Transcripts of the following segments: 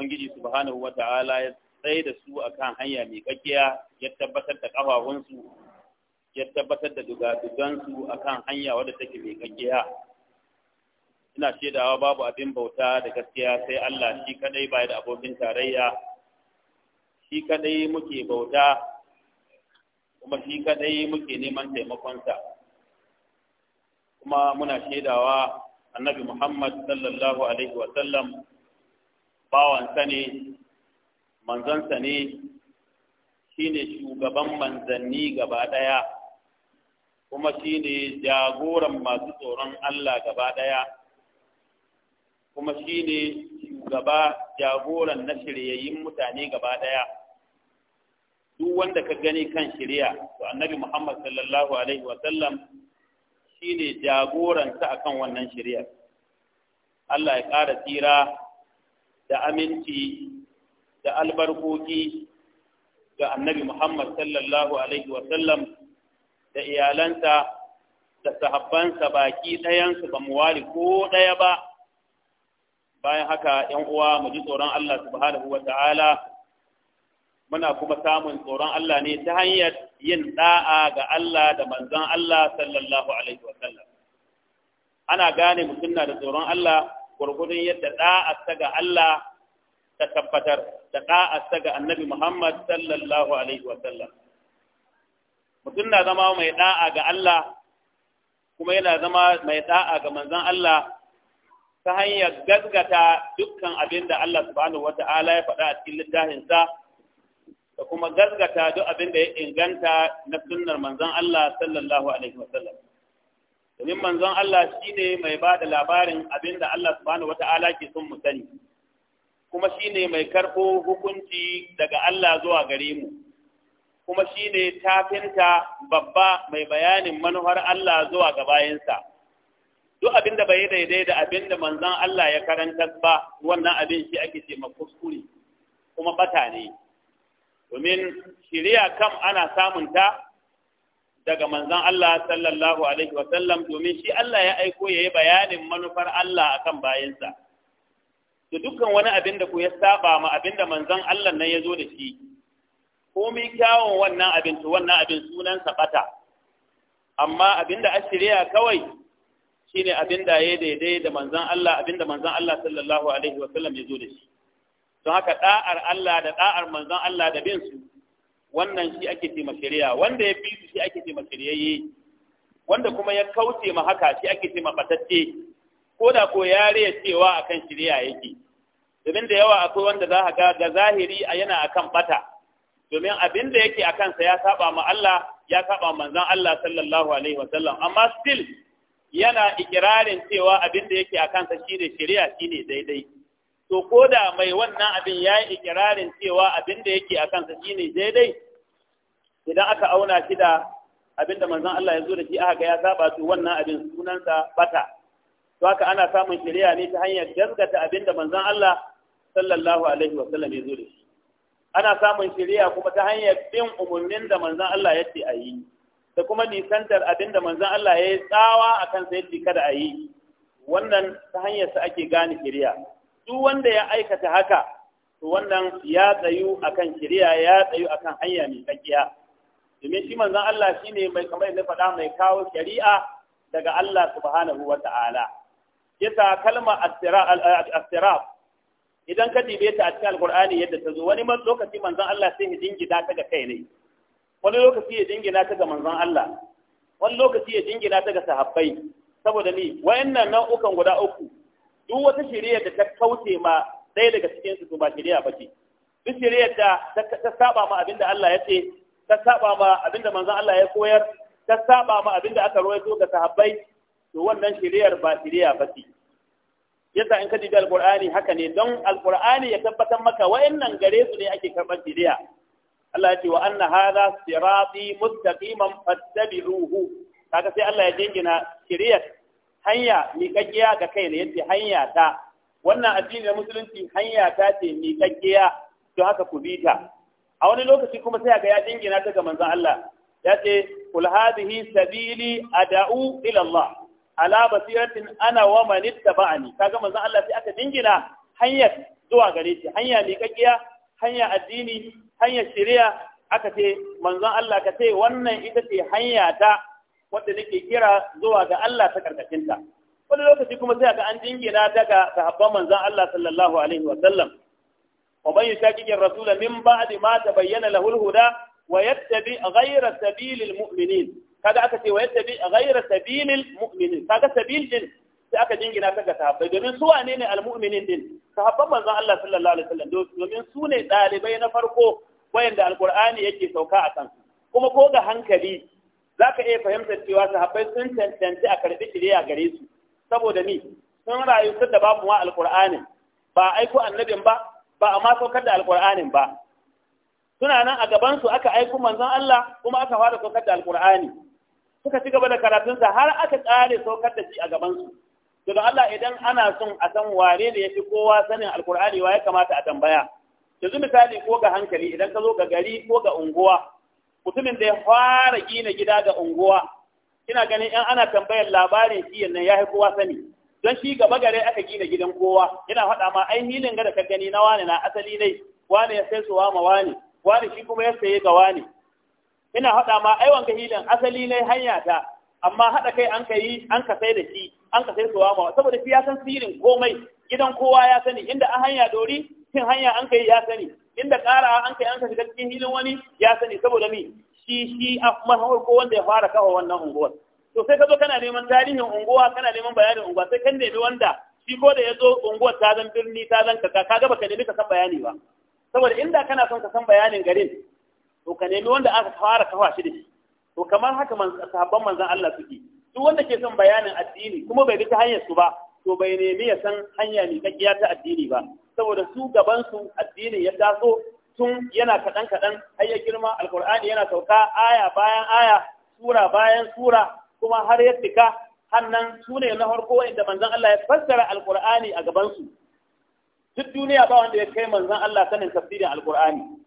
ubangiji subhanahu ta'ala ya tsaye da su akan hanya mai kakkiya ya tabbatar da ƙafafunsu, ya tabbatar da dugadugansu akan hanya wadda take mai kakkiya ina shaidawa babu abin bauta da gaskiya sai Allah shi kadai bai da abokin tarayya shi kadai muke bauta kuma shi kadai muke neman taimakonsa kuma muna shaidawa annabi Muhammad sallallahu alaihi wa bawansa ne manzansa ne shine shugaban manzanni gaba ɗaya kuma shine jagoran masu tsoron Allah gaba ɗaya kuma shine shugaba jagoran na shiryayyun mutane gaba ɗaya duk wanda ka gani kan shirya to annabi Muhammad sallallahu alaihi wa sallam shine jagoranta akan wannan shiryar Allah ya ƙara tsira da aminci da albarkoki ga annabi Muhammad sallallahu Alaihi wasallam da iyalansa da sahabbansa baki ɗayansu ba mu wari ko ɗaya ba bayan haka ‘yan uwa mu ji tsoron Allah subhanahu wa ta'ala muna kuma samun tsoron Allah ne ta hanyar yin da'a ga Allah da manzon Allah sallallahu alaihi wa sallam ana gane mutum na da tsoron Allah gwargwadon yadda ɗa'asta ga Allah ta tabbatar da ɗa'asta ga annabi Muhammad sallallahu Alaihi wa sallam. Mutum na zama mai da'a ga Allah kuma yana zama mai da'a ga manzan Allah ta hanyar gaskata dukkan abin da Allah subhanahu wa ta'ala ya faɗa a cikin littafinsa da kuma gaskata duk abin da ya inganta na sunnar manzan Allah sallallahu Alaihi wa sallam. domin manzon Allah shi ne mai ba da labarin abin da Allah Wata Ala ke sun mu sani kuma ne mai karɓo hukunci daga Allah zuwa gare mu kuma shi ne tafinta babba mai bayanin manuhar Allah zuwa ga bayansa duk abin da bai daidai da abin da manzon Allah ya karanta ba wannan abin shi ake ce kuskure kuma batane, domin shiriya kam ana samunta. ta daga manzan Allah sallallahu alaihi wa sallam domin shi Allah ya aiko ya yi bayanin manufar Allah akan bayinsa Da dukkan wani abin da ku ya saba ma abin da manzon Allah nan ya zo da shi komai kyawun wannan abin to wannan abin sunan sabata amma abin da ashiriya kawai shine abin da ya daidai da manzan Allah abin da manzon Allah sallallahu alaihi wa sallam ya zo da shi don haka ɗa'ar Allah da ɗa'ar manzan Allah da bin su wannan shi ake ce ma shari'a wanda ya bi shi ake ce ma shari'ayye wanda kuma ya kauce ma haka shi ake ce ma batacce ko da ko yare cewa akan shari'a yake domin da yawa akwai wanda za ka ga ga zahiri a yana akan bata domin abin da yake akan sa ya saba ma Allah ya saba manzon Allah sallallahu alaihi wa sallam amma still yana ikirarin cewa abin da yake akan sa shine shari'a shine daidai to ko da mai wannan abin ya yi ikirarin cewa abin da yake a kansa shi ne daidai idan aka auna shi da abin da manzan Allah ya zo da shi aka ga ya saba su wannan abin sunansa bata to haka ana samun shari'a ne ta hanyar gaskata abin da manzan Allah sallallahu alaihi wa sallam ya zo da shi ana samun shari'a kuma ta hanyar bin umarnin da manzan Allah ya ce a yi da kuma nisantar abin da manzan Allah ya yi tsawa kansa ya yadda kada a yi wannan ta hanyar sa ake gane shari'a duk wanda ya aikata haka to wannan ya tsayu akan shari'a ya tsayu akan hanya mai tsakiya domin shi manzon Allah shine mai kamar na faɗa mai kawo shari'a daga Allah subhanahu wa ta'ala yasa kalma astiraf idan ka dibe ta a cikin alqur'ani yadda ta zo wani lokaci manzon Allah sai ya dingida ta ga kai ne wani lokaci ya dingina ta ga manzon Allah wani lokaci ya dingina ta ga sahabbai saboda ni wayannan nau'ukan guda uku duk wata shiriyar da ta kauce ma ɗaya daga cikin su ba shirya ba ce duk shari'a da ta saba ma abinda Allah ya ce ta saba ma abinda manzon Allah ya koyar ta saba ma abinda aka rawaito ga sahabbai to wannan shiriyar ba shirya ba ce yasa in ka dibi alqur'ani haka ne don alqur'ani ya tabbatar maka wa'annan gare su ne ake karban shirya. Allah ya ce wa anna hadha sirati mustaqiman fattabi'uhu kaga sai Allah ya jingina shiriyar. hanya miƙaƙƙiya ga kai ne yace hanya ta wannan addini na musulunci hanya ta ce miƙaƙƙiya don haka ku bi ta a wani lokaci kuma sai ga ya dingina ta ga manzon Allah ya ce kul hadhihi sabili ad'u ila Allah ala basiratin ana wa man ittaba'ani kaga manzon Allah sai aka dingina hanyar zuwa gare shi hanya miƙaƙƙiya hanya addini hanya shari'a aka ce manzon Allah ka ce wannan ita ce hanya ta wadda nake kira zuwa ga Allah ta karkashinta wani lokaci kuma sai ga an jingina daga sahabban manzon Allah sallallahu alaihi wa sallam wa man yushaqiqi ar-rasula min ba'di ma tabayyana lahu al-huda wa yattabi ghayra sabilil mu'minin kaga aka ce wa yattabi ghayra sabilil mu'minin kaga sabil din sai aka jingina daga ga sahabbai domin su wane ne al-mu'minin din sahabban manzon Allah sallallahu alaihi wa sallam domin su ne dalibai na farko wayanda alqur'ani yake sauka a kansu kuma ko ga hankali za ka iya fahimtar cewa sahabbai sun tantance a karɓi shirya gare su saboda ni sun rayu sun da babu ma alƙur'anin ba aiko annabin ba ba a ma saukar da alƙur'anin ba suna nan a gabansu aka aiko manzon Allah kuma aka fara saukar da alƙur'ani suka ci gaba da karatunsa har aka ƙare saukar da shi a gabansu to don Allah idan ana son a san ware ne fi kowa sanin alƙur'ani wa ya kamata a tambaya yanzu misali ko ga hankali idan ka zo ga gari ko ga unguwa mutumin da ya fara gina gida ga unguwa ina ganin ɗan ana tambayar labarin shi nan ya kowa sani don shi gaba gare aka gina gidan kowa yana faɗa ma ai hilin ga da ka gani na wani na asali ne wani ya sai suwa ma wani wani shi kuma ya saye ga wani ina faɗa ma ai wanka hilin asali ne hanya ta amma haɗa kai an kai an ka sai da shi an ka sai suwa ma saboda shi ya san sirrin komai gidan kowa ya sani inda a hanya dori cikin hanya an kai ya sani inda ƙara an kai an ka shiga cikin hilin wani ya sani saboda ni shi shi a wanda ya fara kawo wannan unguwar to sai ka zo kana neman tarihin unguwa kana neman bayanin unguwa sai kan nemi wanda shi ko da ya zo unguwar ta zan birni ta zan kaka gaba ka nemi ka san bayani ba saboda inda kana son ka san bayanin garin to ka nemi wanda aka fara kafa shi da shi to kamar haka man sahabban manzon Allah suke duk wanda ke son bayanin addini kuma bai bi ta hanyar su ba to bai nemi ya san hanya ne kakkiya ta addini ba saboda su gabansu addini ya taso tun yana kaɗan kaɗan har ya girma alkur'ani yana sauka aya bayan aya sura bayan sura kuma har ya tika hannan su ne na farko inda manzon Allah ya fassara alkur'ani a gabansu duk duniya ba wanda ya kai manzon Allah sanin tafsirin alkur'ani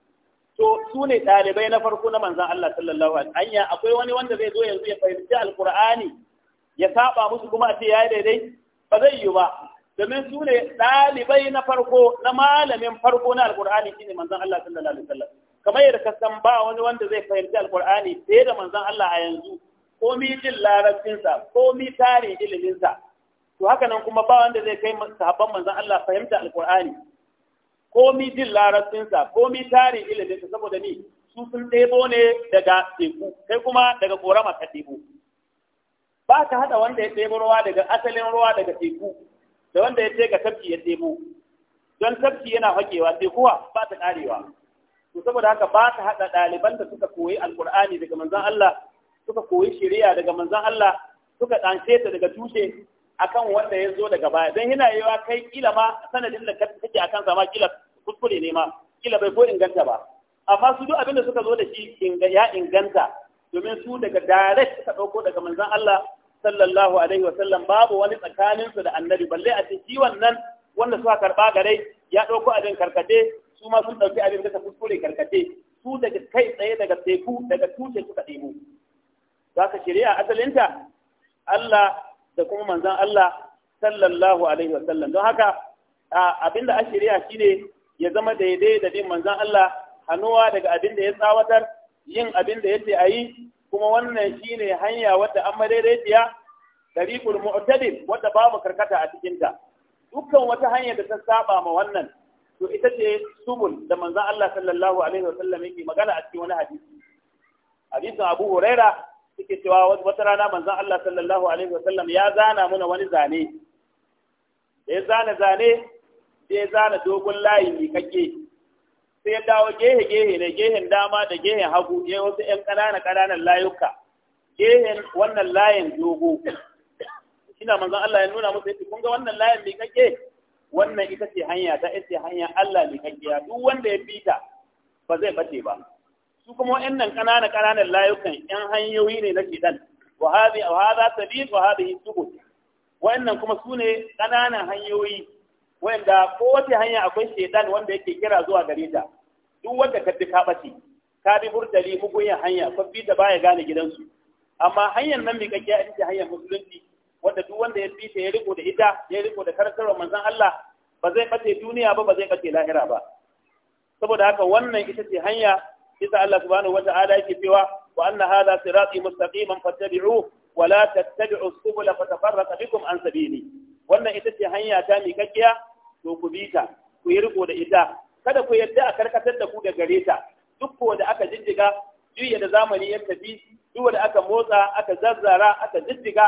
to su ne ɗalibai na farko na manzan Allah sallallahu alaihi anya akwai wani wanda zai zo yanzu ya fahimci alkur'ani ya saba musu kuma a ce yayi daidai ba zai yi ba domin su ne ɗalibai na farko na malamin farko na alkur'ani shine manzon Allah sallallahu alaihi wasallam kamar yadda ka san ba wani wanda zai fahimci alkur'ani sai da manzon Allah a yanzu komi jin larabcinsa mi tare iliminsa to haka nan kuma ba wanda zai kai sahabban manzon Allah fahimta alkur'ani komi jin larabcinsa mi tare iliminsa saboda ni su sun ɗebo ne daga teku kai kuma daga ƙorama ka ɗebo ba ka haɗa wanda ya ɗebo ruwa daga asalin ruwa daga teku da wanda ya ce ga tafki ya ɗebo don tafki yana haƙewa tekuwa ba ta ƙarewa to saboda haka ba ka haɗa ɗaliban da suka koyi alkur'ani daga manzon Allah suka koyi shari'a daga manzon Allah suka ɗanshe ta daga tushe akan wanda ya zo daga baya don yana yiwa kai kila ma sanadin da kake akan kan kila kuskure ne ma kila bai ko inganta ba amma su duk abin da suka zo da shi ya inganta domin su daga direct suka ɗauko daga manzon Allah sallallahu alaihi wasallam babu wani tsakaninsu da annabi balle a ce shi wannan wanda suka karɓa gare ya ɗauko abin karkace su ma sun ɗauki abin da kuskure karkate su daga kai tsaye daga teku daga tushe suka ɗebo za ka shirya asalinta Allah da kuma manzan Allah sallallahu alaihi wasallam don haka abin da a shirya shine ya zama daidai da bin manzan Allah hannuwa daga abin da ya tsawatar yin abin da ya ce a yi kuma wannan shine hanya wadda an madaidaiciya tariqul mu'tadil wadda babu karkata a cikinta. dukkan wata hanya da ta saba ma wannan to ita ce subul da manzon Allah sallallahu alaihi wasallam yake magana a cikin wani hadisi hadisin Abu Huraira yake cewa wata rana manzon Allah sallallahu alaihi wasallam ya zana muna wani zane da ya zana zane sai ya zana dogon layi miƙaƙƙe sai ya dawo gehe gehe ne gehen dama da gehen hagu ya wasu ƴan ƙanana ƙananan layuka gehen wannan layin dogo shi na manzon Allah ya nuna musu yace kun ga wannan layin mai kake wannan ita ce hanya ta ita ce hanya Allah mai kake ya duk wanda ya bi ta ba zai bace ba su kuma waɗannan ƙananan ƙananan layukan 'yan hanyoyi ne na shedan wa hadhi wa hadha sabil wa hadhihi subul waɗannan kuma su ne ƙananan hanyoyi wanda kowace hanya akwai shaidan wanda yake kira zuwa gare ta duk wanda ka bi ka bace ka bi murtali mugunyan hanya ko bi ta baya gane gidansu amma hanyar nan mai kakkiya ita ce hanyar musulunci wanda duk wanda ya bi ta ya riko da ita ya riko da karantarwar manzon Allah ba zai bace duniya ba ba zai bace lahira ba saboda haka wannan ita ce hanya ita Allah subhanahu wata'ala yake cewa wa anna hadha sirati mustaqiman fattabi'uhu wa la tattabi'us subula fatafarraqa bikum an sabili wannan ita ce hanya ta mikakkiya to ku bi ta ku yi riko da ita kada ku yarda a karkatar da ku da gare ta duk ko da aka jijjiga juya da zamani ya tafi duk da aka motsa aka zazzara aka jijjiga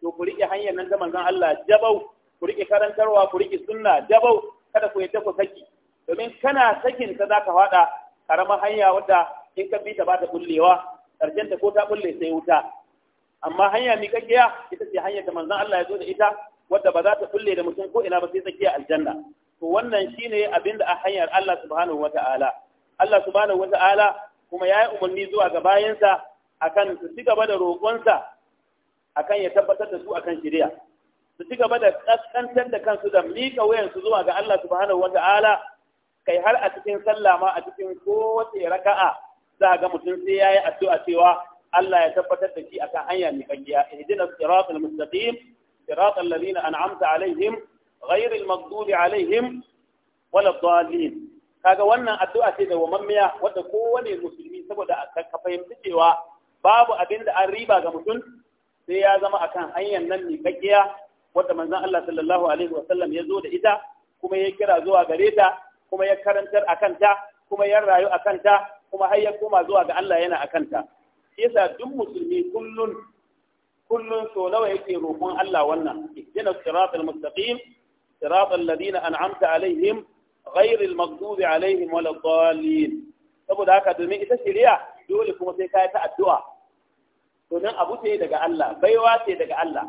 to ku rike hanyar nan ta manzon Allah jabau ku rike karantarwa ku rike sunna jabau kada ku yadda ku saki domin kana sakin ta zaka fada karamar hanya wadda in ka bi ta ba ta bullewa karshen ta ko ta bulle sai wuta amma hanya mi kakkiya ita ce hanyar da manzon Allah ya zo da ita wadda ba za ta kulle da mutum ko ina ba sai tsakiya aljanna to wannan shine abin da a hanyar Allah subhanahu wata'ala Allah subhanahu wata'ala kuma ya yi umarni zuwa ga bayansa akan su ci gaba da roƙonsa akan ya tabbatar da su akan shirya. su ci gaba da kaskantar da kansu da miƙa wayansu zuwa ga Allah subhanahu wata'ala kai har a cikin sallah ma a cikin kowace raka'a za ga mutum sai yayi addu'a cewa Allah ya tabbatar da shi akan hanya miƙaƙiya ihdinas siratal mustaqim صراط الذين أنعمت عليهم غير المغضوب عليهم ولا الضالين kaga wannan addu'a ce da wamammiya wadda kowane musulmi saboda ka fahimci cewa babu abin da an riba ga mutum sai ya zama akan hanyar nan mai kakkiya wadda manzon Allah sallallahu alaihi wasallam ya zo da ita kuma ya kira zuwa gare ta kuma ya karantar akan ta kuma ya rayu akan ta kuma har ya koma zuwa ga Allah yana akan ta yasa duk musulmi kullun Kullum so nawa yake roƙon Allah wannan ihdina siratal mustaqim siratal ladina an'amta alaihim ghairil maghdubi alaihim waladdallin saboda haka domin ita shari'a dole kuma sai ka ta addu'a domin abu ce daga Allah baiwa ce daga Allah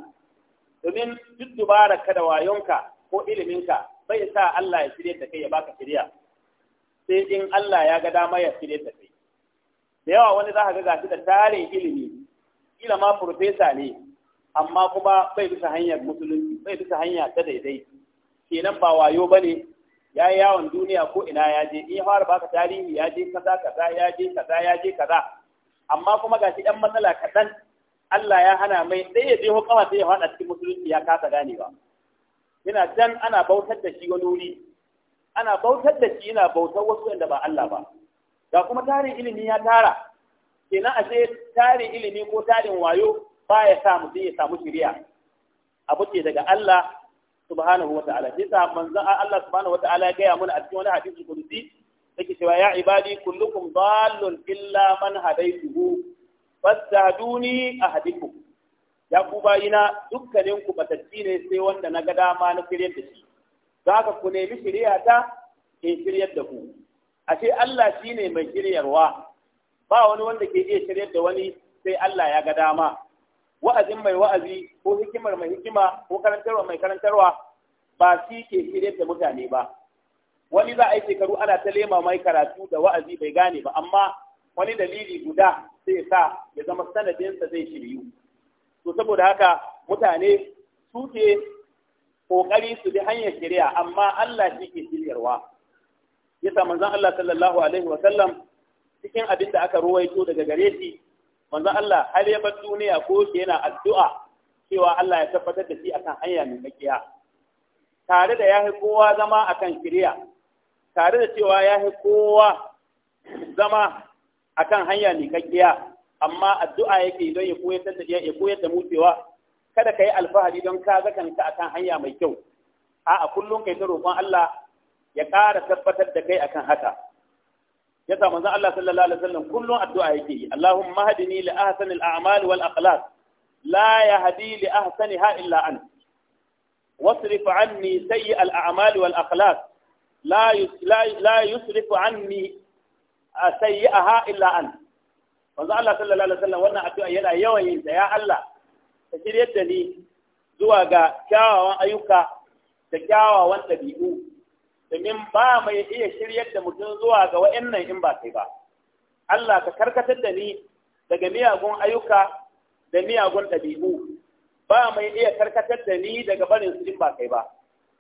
domin duk dubara ka da wayonka ko iliminka bai sa Allah ya shirye ta kai ya baka shari'a sai in Allah ya ga dama ya shirye ta kai da yawa wani za ka ga gashi da tarin ilimi kila ma profesa ne amma kuma bai bisa hanyar musulunci bai bisa hanya ta daidai kenan ba wayo bane ya yi yawon duniya ko ina ya je in fara baka tarihi ya je kaza kaza ya je kaza ya je kaza amma kuma gashi ɗan matsala kaɗan Allah ya hana mai dai ya je ko kama sai ya faɗa cikin musulunci ya kasa ganewa Ina dan ana bautar da shi wani wuri ana bautar da shi ina bautar wasu yadda ba Allah ba ga kuma tarin ilimi ya tara kenan ashe tarin ilimi ko tarin wayo ba ya sa mutum ya samu shirya abu ce daga Allah subhanahu wa ta'ala sai sa manzo Allah subhanahu wa ta'ala ya gaya mana a cikin wani hadisi kudusi yake cewa ya ibadi kullukum dallun illa man hadaytuhu fastahduni ahadikum ya ku bayina dukkanin ku batacci ne sai wanda na ga dama na shiryar da shi za ka ku nemi shirya ta in shiryar da ku ashe Allah shine mai shiryarwa ba wani wanda ke iya shirya da wani sai Allah ya ga dama wa'azin mai wa'azi ko hikimar mai hikima ko karantarwa mai karantarwa ba shi ke shirya da mutane ba wani za a yi shekaru ana ta lema mai karatu da wa'azi bai gane ba amma wani dalili guda sai sa ya zama sanadinsa zai shiryu to saboda haka mutane su ke kokari su bi hanyar shari'a amma Allah shi ke shiryarwa yasa manzon Allah sallallahu alaihi wa sallam cikin abin da aka ruwaito daga gare shi manzo Allah har ya bar duniya ko shi yana addu'a cewa Allah ya tabbatar da shi akan hanya mai tsakiya tare da yahi kowa zama akan shirya tare da cewa yahi kowa zama akan hanya mai tsakiya amma addu'a yake don ya koyar da ya koyar da mu cewa kada ka yi alfahari don ka ga kanka akan hanya mai kyau a'a kullum kai ta roƙon Allah ya ƙara tabbatar da kai akan haka yasa manzon Allah sallallahu alaihi wasallam kullun addu'a yake yi Allahumma hadini li ahsanil a'mal wal akhlaq la yahdi li ahsaniha illa an wasrif anni sayyi'al a'mal wal akhlaq la la yusrif anni sayyi'aha illa an manzon Allah sallallahu alaihi wasallam wannan addu'a yana yawan yin ya Allah ka shiryar da ni zuwa ga kyawawan ayyuka da kyawawan ɗabi'u domin ba mai iya shiryar da mutum zuwa ga wa'annan in ba kai ba Allah ka karkatar da ni daga miyagun ayyuka da miyagun ɗabi'u ba mai iya karkatar da ni daga barin su in ba kai ba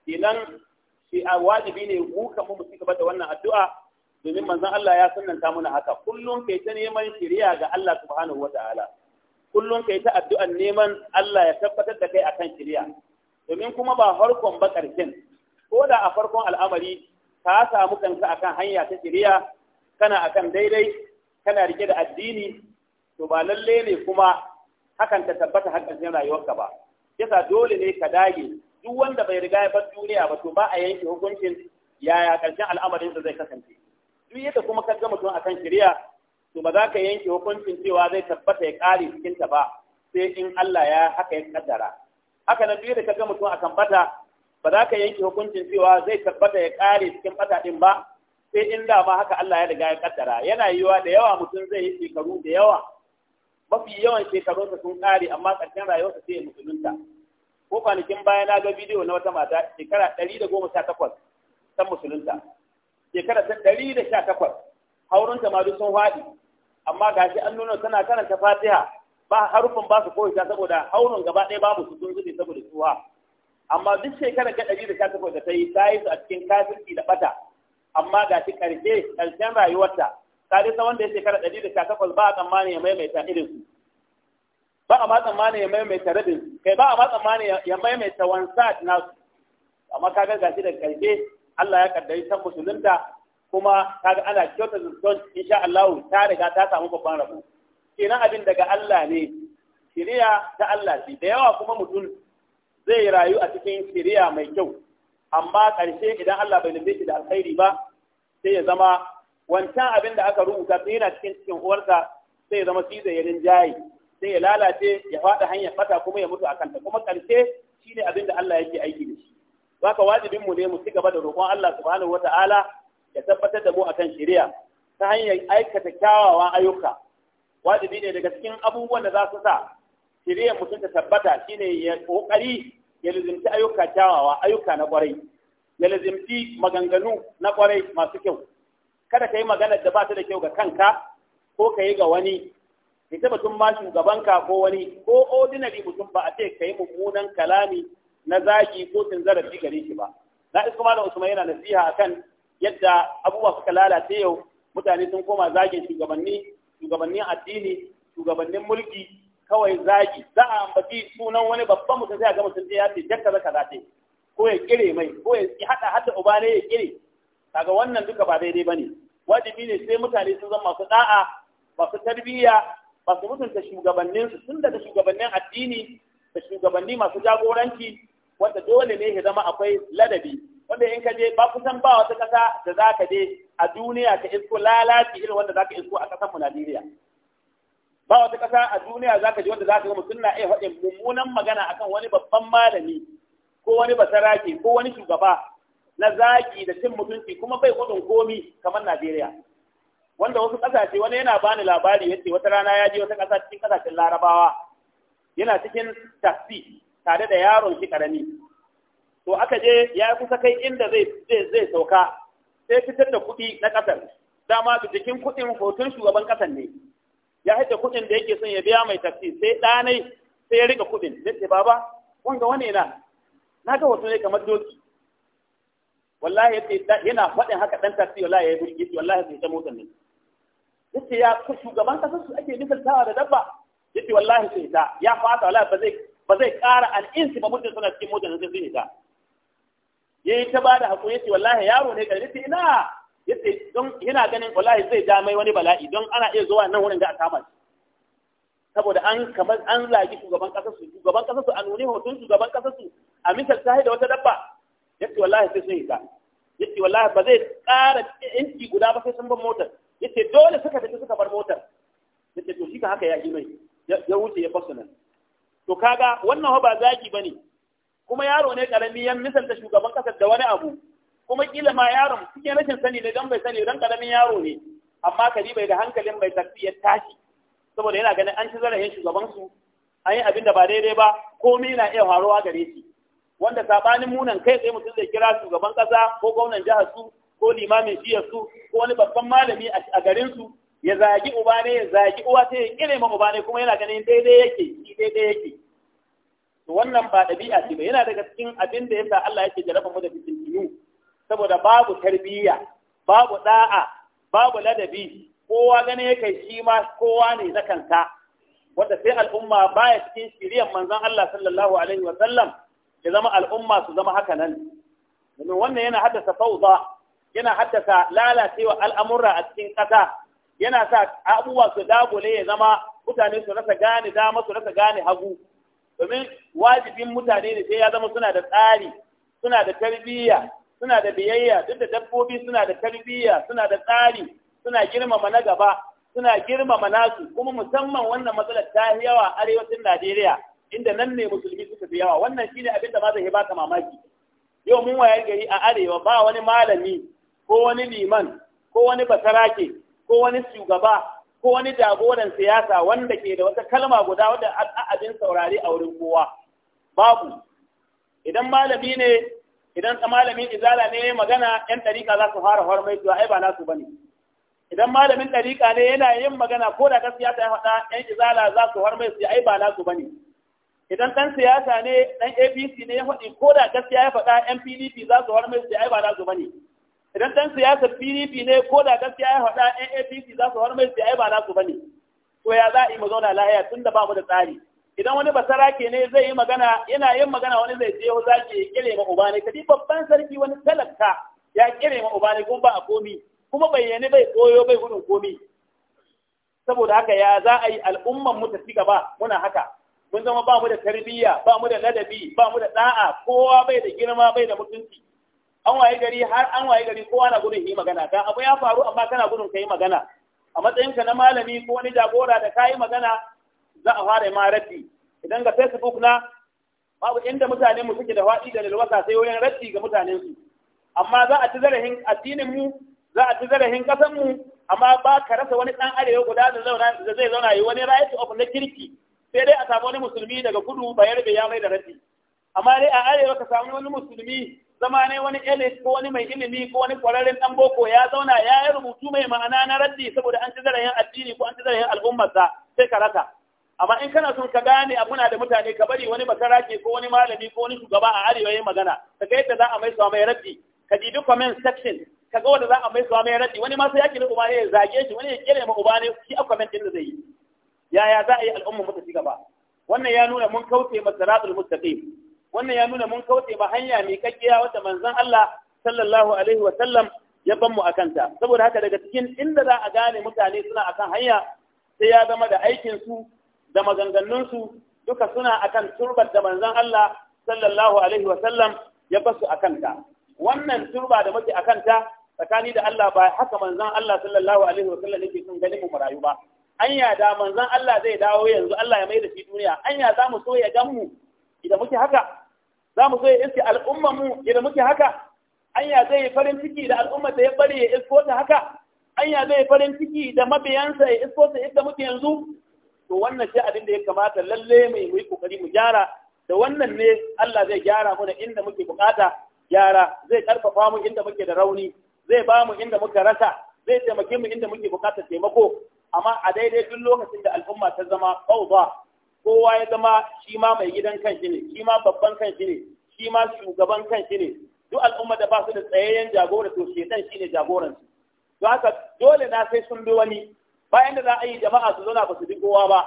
kenan shi a wajibi ne mu kamu mu ci gaba da wannan addu'a domin manzon Allah ya sunnanta mana haka kullum kai ta neman shiriya ga Allah subhanahu wataala kullum kai ta addu'an neman Allah ya tabbatar da kai akan shiriya domin kuma ba harkon ba ƙarshen ko da a farkon al'amari ka samu kanka akan hanya ta shirya kana akan daidai kana rike da addini to ba lalle ne kuma hakan ta tabbata har rayuwar rayuwarka ba yasa dole ne ka dage duk wanda bai riga ya bar duniya ba to ba a yanke hukuncin yaya ƙarshen al'amarin da zai kasance duk yadda kuma ka ga mutum akan kiriya, to ba za ka yanke hukuncin cewa zai tabbata ya kare cikin ta ba sai in Allah ya haka ya kaddara haka nan duk yadda ka ga mutum akan bata ba za ka yanke hukuncin cewa zai tabbata ya kare cikin bata ba sai in da ma haka Allah ya riga ya kaddara yana yiwa da yawa mutum zai yi shekaru da yawa mafi yawan shekarunsa sun kare amma ƙarshen rayuwarsa sai ya musulunta ko kwanakin baya na ga bidiyo na wata mata shekara ɗari da goma sha takwas san musulunta shekara ta ɗari da sha takwas ma duk sun haɗi amma gashi shi an nuna tana karanta fatiha ba harufin ba su koyi saboda haurin gaba ɗaya babu su sun zube saboda tsuwa amma duk shekarar ga ɗari da sha takwas da ta yi ta yi su a cikin kafirci da ɓata amma ga shi ƙarshe ƙarshen rayuwarta ta dai wanda ya shekara ɗari da sha takwas ba a tsammanin ya maimaita irin su ba a ma tsammanin ya maimaita rabin su kai ba a ma tsammanin ya maimaita wansa a nasu amma kaga ga shi da ƙarshe Allah ya kaddari ta musulunta kuma kaga ana kyauta zuwan insha Allah ta riga ta samu babban rabo kenan abin daga Allah ne Shirya ta Allah ce da yawa kuma mutum zai rayu a cikin shiriya mai kyau amma ƙarshe idan Allah bai nufi shi da alkhairi ba sai ya zama wancan abin da aka rubuta sai yana cikin cikin uwarsa sai ya zama shi ya yanin jayi sai ya lalace ya faɗa hanyar fata kuma ya mutu a kanta kuma ƙarshe shine abin da Allah yake aiki da shi haka wajibin mu ne mu ci gaba da roƙon Allah subhanahu wata'ala ya tabbatar da mu akan shiriya? ta hanyar aikata kyawawan ayyuka wajibi ne daga cikin abubuwan da za su sa shari'ar mutum ta tabbata shine ya ƙoƙari? ya lizimci ayyuka kyawawa ayyuka na kwarai ya lizimci maganganu na kwarai masu kyau kada ka yi maganar da ba ta da kyau ga kanka ko ka yi ga wani ka taba tun ma shugabanka ko wani ko ordinary mutum ba a ce ka yi mummunan kalami na zagi ko tun zarafi gare shi ba na iska da usman yana nasiha akan yadda abubuwa suka lalace yau mutane sun koma zagin shugabanni shugabannin addini shugabannin mulki kawai zagi za a ambaci sunan wani babban mutum sai a ga mutum ya ce jakka zaka za ta ko ya kire mai ko ya hada hada uba ne ya kire kaga wannan duka ba daidai bane wajibi ne sai mutane sun zama masu da'a masu tarbiyya masu mutunta shugabannin su tun daga shugabannin addini da shugabanni masu jagoranci wanda dole ne ya zama akwai ladabi wanda in ka je ba kusan ba wata kasa da za ka je a duniya ka isko lalaci irin wanda za ka isko a ƙasar mu Najeriya. ba wata ƙasa a duniya za ka ji wanda za ka ga mutum na iya faɗin mummunan magana akan wani babban malami ko wani basarake ko wani shugaba na zaki da cin mutunci kuma bai kudin komi kamar Najeriya. Wanda wasu ƙasashe wani yana bani labari yace wata rana ya je wata ƙasa cikin ƙasashen Larabawa yana cikin taksi tare da yaron shi ƙarami. To aka je ya kusa kai inda zai zai sauka sai fitar da kuɗi na ƙasar. Dama jikin kuɗin hoton shugaban ƙasar ne. ya haɗe kuɗin da yake son ya biya mai taksi sai ɗanai sai ya riga kuɗin zai ce baba wanga wani na na ga wasu ne kamar doki wallahi yace yana faɗin haka ɗan taksi wallahi ya yi burgi wallahi sai ta motsa ne yace ya shugaban kasar su ake misaltawa da dabba yace wallahi sai ta ya fata wallahi ba zai ba zai ƙara al'insi ba mutum suna cikin motar da zai ta yayi ta bada hakuri yace wallahi yaro ne ƙarfi ina yace don yana ganin wallahi zai ja mai wani bala'i don ana iya zuwa nan wurin ga a kama shi saboda an kamar an zagi shugaban kasar su shugaban kasar su a nuni hoton shugaban kasar su a misal ta da wata dabba yace wallahi sai sun hita yace wallahi ba zai ƙara inci guda ba sai sun bar motar yace dole suka tafi suka bar motar yace to shi ka haka ya yi mai ya wuce ya fasu nan to kaga wannan ba zagi bane kuma yaro ne karami yan misalta shugaban kasar da wani abu kuma kila ma yaron cikin rashin sani da dan bai sani dan karamin yaro ne amma kadi bai da hankalin bai tafi ya tashi saboda yana ganin an ci zarafin shugaban su an yi abin da ba daidai ba komai na iya faruwa gare shi wanda sabanin munan kai sai mutum zai kira shugaban kasa ko gwamnan jihar su ko limamin shiyar su ko wani babban malami a garin su ya zagi uba ne ya zagi uwa sai ya kire ma uba ne kuma yana ganin daidai yake shi daidai yake to wannan ba dabi'a ce ba yana daga cikin abin da yasa Allah yake jarraba mu da fitinu saboda babu tarbiyya babu da'a babu ladabi kowa gane yake shi ma kowa ne na kanta wanda sai al'umma baya cikin shiriyar manzon Allah sallallahu alaihi wa sallam ya zama al'umma su zama haka nan domin wannan yana haddasa fauza yana haddasa lalacewa al'amura a cikin ƙasa yana sa abubuwa su dagule ya zama mutane su rasa gane dama su rasa gane hagu domin wajibin mutane ne sai ya zama suna da tsari suna da tarbiyya suna da biyayya duk da dabbobi suna da tarbiyya suna da tsari suna girmama na gaba suna girmama nasu kuma musamman wannan matsalar ta yi yawa a arewacin Najeriya inda nan ne musulmi suka fi yawa wannan shine abin da ma zai baka mamaki yau mun wayar gari a arewa ba wani malami ko wani liman ko wani basarake ko wani shugaba ko wani jagoran siyasa wanda ke da wata kalma guda wadda abin saurari a wurin kowa babu idan malami ne idan malamin izala ne magana yan ɗariƙa za su fara hormai mai ai ba nasu ba ne idan malamin ɗariƙa ne yana yin magana ko da gaskiya ta faɗa yan izala za su hormai su ai ba nasu ba ne idan ɗan siyasa ne ɗan apc ne ya faɗi ko da gaskiya ya faɗa yan pdp za su hormai su ai ba nasu ba ne idan ɗan siyasa pdp ne ko da gaskiya ya faɗa yan apc za su hormai su ai ba nasu ba ne to ya za a yi mu zauna lahiya tun da ba mu da tsari idan wani basarake ne zai yi magana yana yin magana wani zai je zaki ya kire ma uba kadi babban sarki wani talaka ya kire ma uba kuma ba a komi kuma bayyane bai koyo bai gudun komi saboda haka ya za a yi al'umman mu ta ci gaba muna haka mun zama ba mu da tarbiyya ba mu da ladabi ba mu da da'a kowa bai da girma bai da mutunci an waye gari har an waye gari kowa na gudun yi magana Dan abu ya faru amma kana gudun kai magana a matsayinka na malami ko wani jagora da kayi magana za a fara ma raddi idan ga facebook na babu inda mutane mu suke da faɗi da lalwasa sai wurin raddi ga mutanen su amma za a ci zarafin addinin mu za a ci zarafin ƙasar mu amma ba ka rasa wani ɗan arewa guda da zai zauna yi wani right of na kirki sai dai a samu wani musulmi daga kudu bayar bai ya mai da raddi amma dai a arewa ka samu wani musulmi zama ne wani elite ko wani mai ilimi ko wani kwararren dan boko ya zauna ya yi rubutu mai ma'ana na raddi saboda an ci zarafin addini ko an ci zarafin al'ummarsa sai ka rasa amma in kana son ka gane muna da mutane ka bari wani masaraki ko wani malami ko wani shugaba a arewa yayin magana ka ga yadda za a mai su mai raddi ka ji duk comment section ka ga wanda za a mai su mai raddi wani ma sai ya kira uba ne ya zage shi wani ya kira ma uba ne shi a comment din da zai yi yaya za a yi al'umma mu ta ci gaba wannan ya nuna mun kauce ma siratul mustaqim wannan ya nuna mun kauce ma hanya mai kakkiya wata manzon Allah sallallahu alaihi wa sallam ya ban mu akan ta saboda haka daga cikin inda za a gane mutane suna akan hanya sai ya zama da aikin su da maganganunsu duka suna akan turbar da manzon Allah sallallahu alaihi wa sallam ya basu akan ta wannan turba da muke akan ta tsakani da Allah ba haka manzon Allah sallallahu alaihi wa sallam yake son ganin mu marayu ba anya da manzon Allah zai dawo yanzu Allah ya mai da shi duniya anya za mu so ya gan mu idan muke haka za mu so ya iske al'ummar mu idan muke haka anya zai yi farin ciki da al'umma da ya bari ya isko haka anya zai yi farin ciki da mabiyansa ya isko ta yadda muke yanzu to wannan sai abin da ya kamata lalle mai mu yi kokari mu gyara da wannan ne Allah zai gyara mana inda muke bukata gyara zai karfafa mu inda muke da rauni zai ba mu inda muka rasa zai taimake mu inda muke bukatar taimako amma a daidai duk lokacin da al'umma ta zama kauba kowa ya zama shi ma mai gidan kan ne shi ma babban kan shi ne shi ma shugaban kan ne duk al'umma da ba su da tsayayyen jagora to shedan shi ne jagoransu to haka dole na sai sun bi wani bayan da za a yi jama'a su zauna ba su bi kowa ba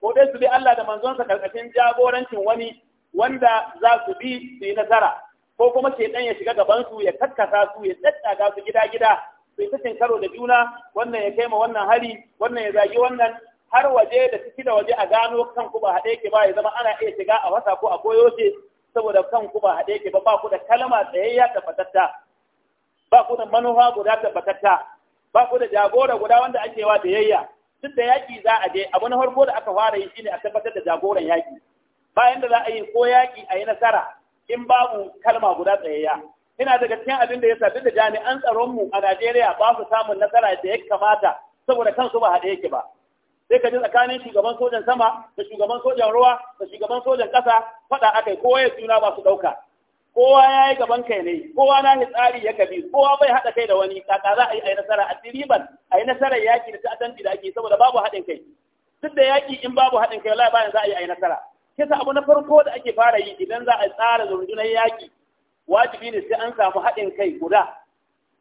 ko dai su bi Allah da manzonsa karkashin jagorancin wani wanda za su bi su yi nasara ko kuma dan ya shiga gaban su ya kakkasa su ya ga su gida gida su yi cikin karo da juna wannan ya kai ma wannan hari wannan ya zagi wannan har waje da ciki da waje a gano kan ku ba haɗe ke ba ya zama ana iya shiga a wasa ko a koyo ce saboda kan ku ba haɗe yake ba ba ku da kalma tsayayya tabbatatta ba ku da manufa guda tabbatatta ba ku da jagora guda wanda ake wa yayya duk da yaƙi za a je abu na farko da aka fara yi shine a tabbatar da jagoran yaƙi bayan da za a yi ko yaƙi a yi nasara in babu kalma guda tsayayya ina daga cikin abin da ya sa duk da jami'an tsaronmu a Najeriya ba su samun nasara da ya kamata saboda kansu ba haɗe yake ba sai ka ji tsakanin shugaban sojan sama da shugaban sojan ruwa da shugaban sojan ƙasa faɗa akai ko ya suna ba su ɗauka kowa ya yi gaban kai ne kowa na tsari ya kabi kowa bai haɗa kai da wani kaka za a yi a nasara a tiriban a yi nasarar yaƙi da ta'addanci da ake saboda babu haɗin kai duk da yaƙi in babu haɗin kai wallahi bayan za a yi a yi nasara kisa abu na farko da ake fara yi idan za a tsara rundunar yaƙi wajibi ne sai an samu haɗin kai guda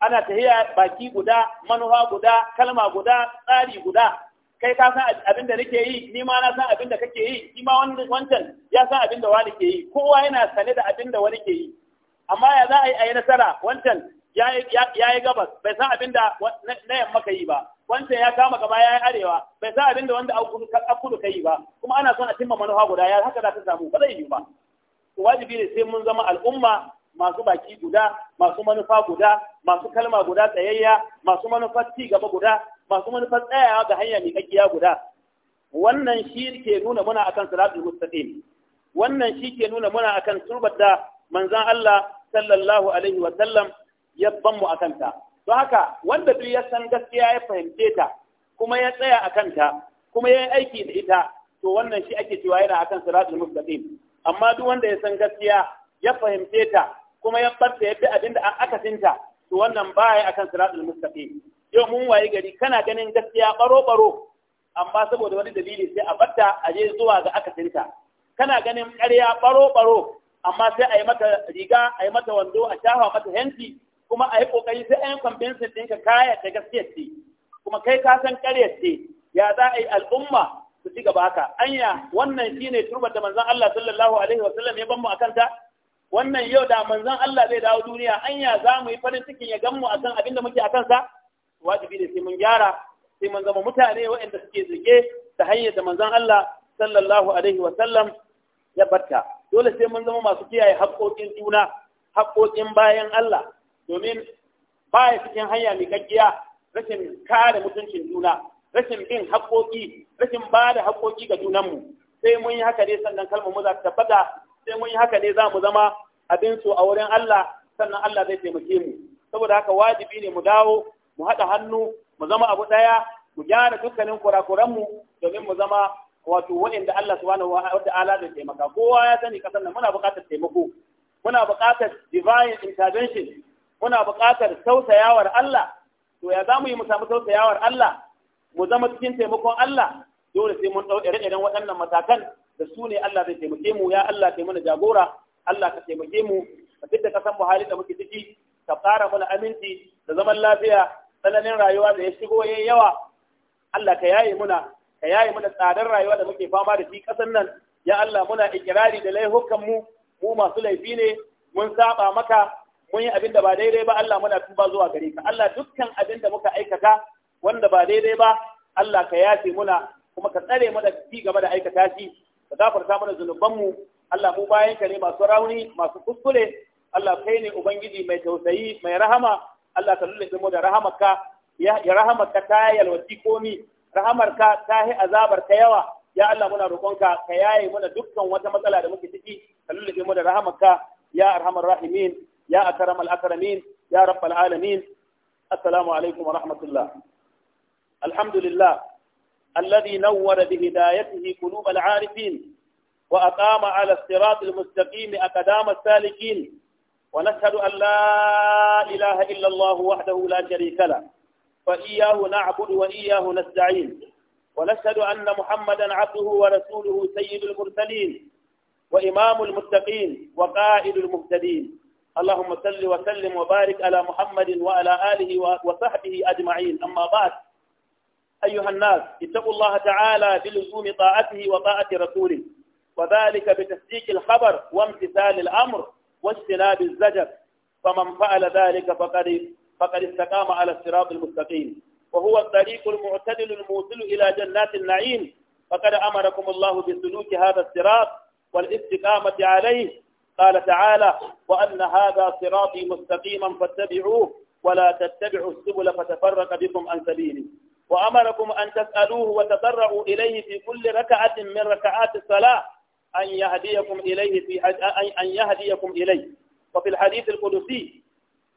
ana tahiya baki guda manufa guda kalma guda tsari guda kai ka san abin da nake yi ni ma na san abin da kake yi ni ma wancan ya san abin da wani ke yi kowa yana sane da abin da wani ke yi amma ya za a yi nasara wancan ya yi gabas bai san abin da na yamma ka ba wancan ya kama gaba ya yi arewa bai san abin da wanda aku ka yi ba kuma ana son a cimma manufa guda ya haka za ta samu ba zai yi ba wajibi ne sai mun zama al'umma masu baki guda masu manufa guda masu kalma guda tsayayya masu manufar ci gaba guda masu manufar tsayawa ga hanya mai kakkiya guda wannan shi ke nuna muna akan salatul mustaqim wannan shi ke nuna muna akan turbar da manzon Allah sallallahu alaihi wa sallam ya ban mu akan ta don haka wanda duk ya san gaskiya ya fahimce ta kuma ya tsaya akan ta kuma ya yi aiki da ita to wannan shi ake cewa yana akan siratul mustaqim amma duk wanda ya san gaskiya ya fahimce ta kuma ya barta bi abinda an akasinta to wannan baya akan siratul mustaqim yau mun waye gari kana ganin gaskiya baro baro amma saboda wani dalili sai a batta a je zuwa ga akasinta kana ganin ƙarya baro baro amma sai a yi mata riga a yi mata wando a shafa mata hanci kuma a yi kokari sai an kwambinsin ɗinka kaya ta gaskiyar ce kuma kai ka san ƙaryar ce ya za a yi al'umma su ci gaba ka anya wannan shine turbar da manzon Allah sallallahu alaihi wasallam ya bamu akan ta wannan yau da manzon Allah zai dawo duniya anya za mu yi farin cikin ya gan mu akan abin da muke akan sa wajibi ne sai mun gyara sai mun zama mutane waɗanda suke zike da hanyar da manzon Allah sallallahu alaihi wa sallam ya barta dole sai mun zama masu kiyaye haƙoƙin juna haƙoƙin bayan Allah domin baya cikin hanya mai kakkiya rashin kare mutuncin juna rashin bin haƙoƙi rashin ba da haƙoƙi ga junanmu sai mun yi haka ne sannan kalmar mu za ta tabbata sai mun yi haka ne za mu zama abin so a wurin Allah sannan Allah zai taimake mu saboda haka wajibi ne mu dawo mu haɗa hannu mu zama abu ɗaya mu gyara dukkanin kurakuranmu domin mu zama wato waɗanda Allah subhanahu wa ta'ala zai taimaka kowa ya sani kasar nan muna buƙatar taimako muna buƙatar divine intervention muna buƙatar tausayawar Allah to ya zamu yi mu samu tausayawar Allah mu zama cikin taimakon Allah dole sai mun ɗau ire-iren waɗannan matakan da su ne Allah zai taimake mu ya Allah kai mana jagora Allah ka taimake mu ka fitta kasan mu halin da muke ciki ka ƙara mana aminci da zaman lafiya tsananin rayuwa da ya shigo yayi yawa Allah ka yaye muna ka yaye muna tsadar rayuwa da muke fama da shi kasan nan ya Allah muna ikirari da laihukan mu mu masu laifi ne mun saba maka mun yi abin da ba daidai ba Allah muna tuba zuwa gare ka Allah dukkan abin da muka aikata wanda ba daidai ba Allah ka yafe muna kuma ka tsare mu da ci gaba da aikata shi ka gafarta mana zunuban mu Allah mu bayan ka ne masu rauni masu kuskure Allah kai ne ubangiji mai tausayi mai rahama Allah ka lullube mu da rahamarka ya rahamarka ta yalwaci komi rahamarka ta yi azabar ka yawa ya Allah muna roƙonka ka yaye muna dukkan wata matsala da muke ciki ka lullube mu da rahamarka ya arhamar rahimin ya akramal akramin ya rabbal alamin assalamu alaikum wa rahmatullah alhamdulillah الذي نور بهدايته قلوب العارفين وأقام على الصراط المستقيم أقدام السالكين ونشهد أن لا إله إلا الله وحده لا شريك له فإياه نعبد وإياه نستعين ونشهد أن محمدا عبده ورسوله سيد المرسلين وإمام المتقين وقائد المهتدين اللهم صل وسلم وبارك على محمد وعلى آله وصحبه أجمعين أما بعد أيها الناس اتقوا الله تعالى بلزوم طاعته وطاعة رسوله وذلك بتصديق الخبر وامتثال الأمر واجتناب الزجر فمن فعل ذلك فقد فقد استقام على الصراط المستقيم وهو الطريق المعتدل الموصل إلى جنات النعيم فقد أمركم الله بسلوك هذا الصراط والاستقامة عليه قال تعالى وأن هذا صراطي مستقيما فاتبعوه ولا تتبعوا السبل فتفرق بكم عن سبيله وأمركم أن تسألوه وتضرعوا إليه في كل ركعة من ركعات الصلاة أن يهديكم إليه في أن يهديكم إليه وفي الحديث القدسي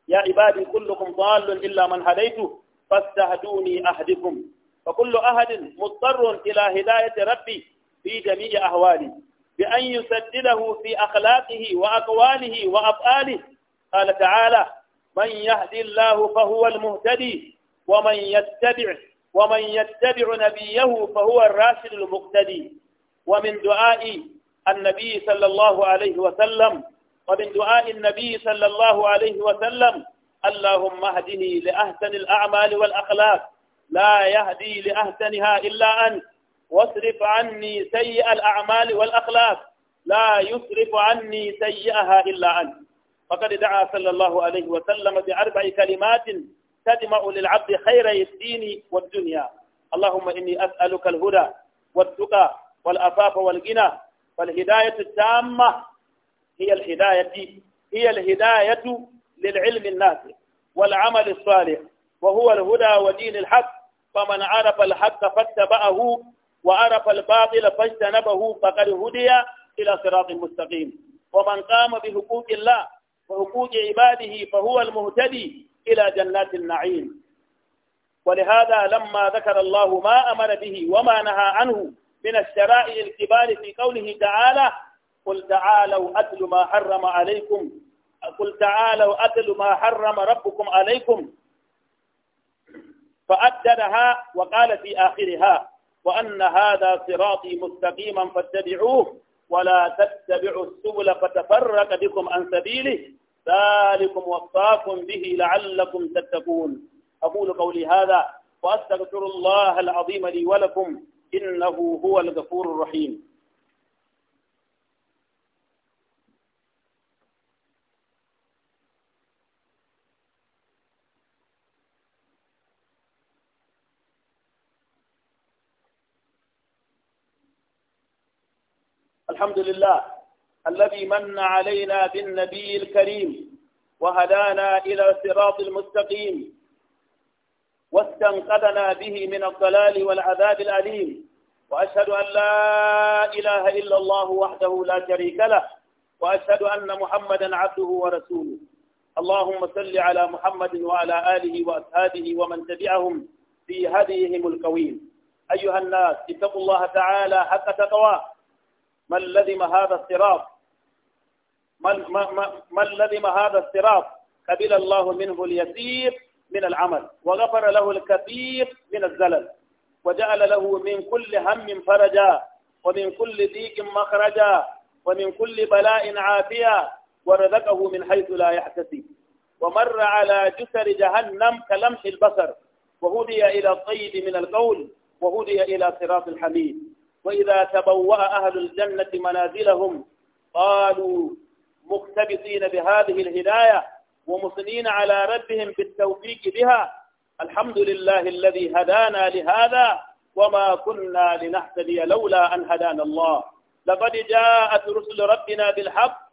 يا عبادي كلكم ضال إلا من هديته فاستهدوني أهدكم فكل أحد مضطر إلى هداية ربي في جميع أهواله بأن يسدده في أخلاقه وأقواله وأفعاله قال تعالى من يهدي الله فهو المهتدي ومن يتبع ومن يتبع نبيه فهو الراشد المقتدي ومن دعائي النبي صلى الله عليه وسلم ومن دعاء النبي صلى الله عليه وسلم اللهم اهدني لأحسن الأعمال والأخلاق لا يهدي لأحسنها إلا أنت واصرف عني سيء الأعمال والأخلاق لا يصرف عني سيئها إلا أنت فقد دعا صلى الله عليه وسلم بأربع كلمات تدمع للعبد خير الدين والدنيا اللهم إني أسألك الهدى والتقى والأفاف والغنى فالهداية التامة هي الهداية هي الهداية للعلم النافع والعمل الصالح وهو الهدى ودين الحق فمن عرف الحق فاتبعه وعرف الباطل فاجتنبه فقد هدي إلى صراط مستقيم ومن قام بحقوق الله وحقوق عباده فهو المهتدي إلى جنات النعيم ولهذا لما ذكر الله ما أمر به وما نهى عنه من الشرائع الكبار في قوله تعالى قل تعالوا أتل ما حرم عليكم قل تعالوا أتل ما حرم ربكم عليكم فأكدها وقال في آخرها وأن هذا صراطي مستقيما فاتبعوه ولا تتبعوا السبل فتفرق بكم عن سبيله ذلكم وصاكم به لعلكم تتقون أقول قولي هذا وأستغفر الله العظيم لي ولكم إنه هو الغفور الرحيم الحمد لله الذي من علينا بالنبي الكريم وهدانا إلى صراط المستقيم واستنقذنا به من الضلال والعذاب الأليم وأشهد أن لا إله إلا الله وحده لا شريك له وأشهد أن محمدا عبده ورسوله اللهم صل على محمد وعلى آله وأصحابه ومن تبعهم في هديهم القويم أيها الناس اتقوا الله تعالى حق تقواه من لزم هذا الصراط من, من, من لزم هذا الصراط قبل الله منه اليسير من العمل وغفر له الكثير من الزلل وجعل له من كل هم فرجا ومن كل ضيق مخرجا ومن كل بلاء عافية ورزقه من حيث لا يحتسب ومر على جسر جهنم كلمح البصر وهدي إلى الطيب من القول وهدي إلى صراط الحميد وإذا تبوأ أهل الجنة منازلهم قالوا مقتبسين بهذه الهداية ومثنين على ربهم بالتوفيق بها الحمد لله الذي هدانا لهذا وما كنا لنهتدي لولا أن هدانا الله لقد جاءت رسل ربنا بالحق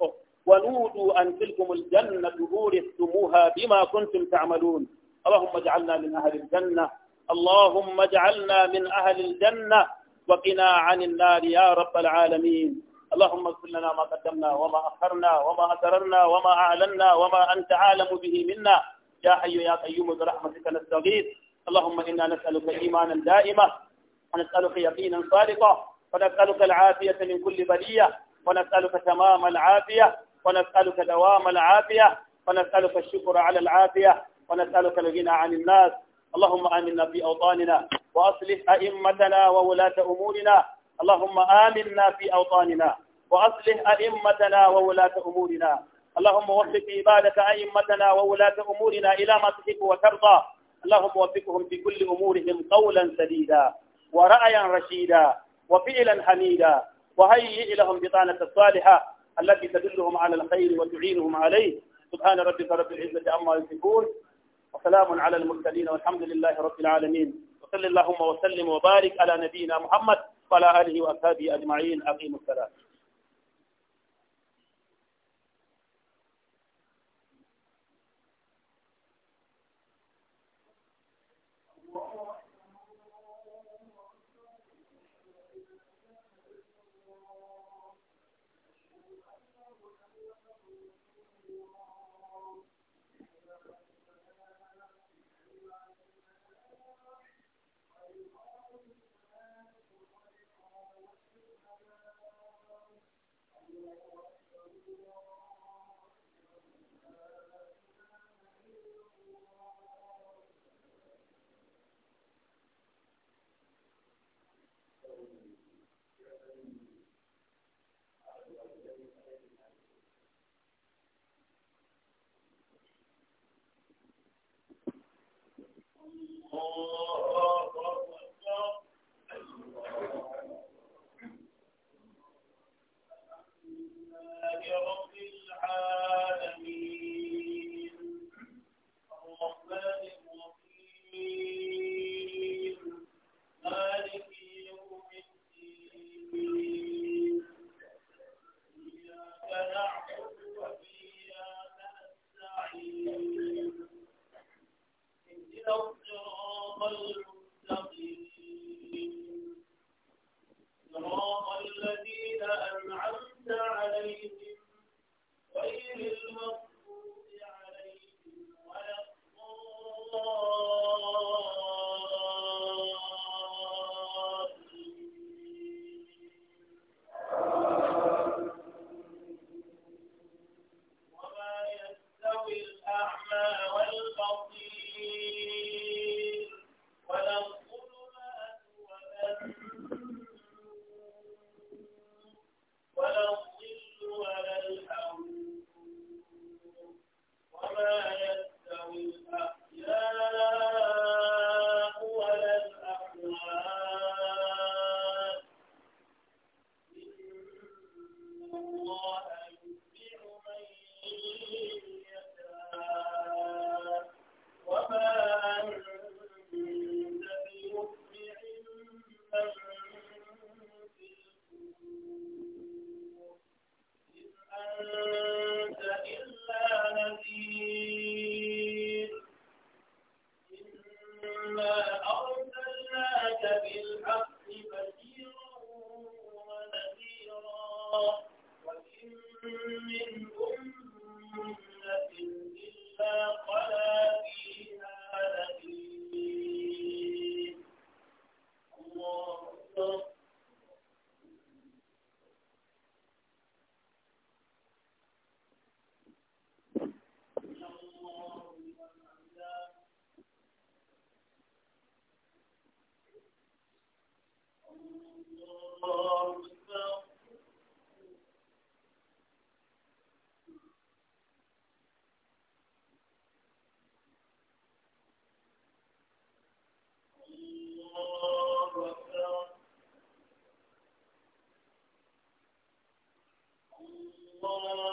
ونودوا أن تلكم الجنة أورثتموها بما كنتم تعملون اللهم اجعلنا من أهل الجنة اللهم اجعلنا من أهل الجنة وقنا عن النار يا رب العالمين اللهم اغفر لنا ما قدمنا وما أخرنا وما أسررنا وما أعلنا وما أنت عالم به منا يا حي يا قيوم برحمتك نستغيث اللهم إنا نسألك إيمانا دائما ونسألك يقينا صادقا ونسألك العافية من كل بلية ونسألك تمام العافية ونسألك دوام العافية ونسألك الشكر على العافية ونسألك الغنى عن الناس اللهم آمنا في أوطاننا وأصلح أئمتنا وولاة أمورنا اللهم آمنا في أوطاننا وأصلح أئمتنا وولاة أمورنا اللهم وفق عبادك أئمتنا وولاة أمورنا إلى ما تحب وترضى اللهم وفقهم في كل أمورهم قولا سديدا ورأيا رشيدا وفعلا حميدا وهيئ لهم بطانة الصالحة التي تدلهم على الخير وتعينهم عليه سبحان ربك رب العزة عما يصفون وسلام على المرسلين والحمد لله رب العالمين وصل اللهم وسلم وبارك على نبينا محمد وعلى آله وأصحابه أجمعين أقيموا الصلاة الله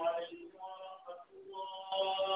عليكم ورحمة الله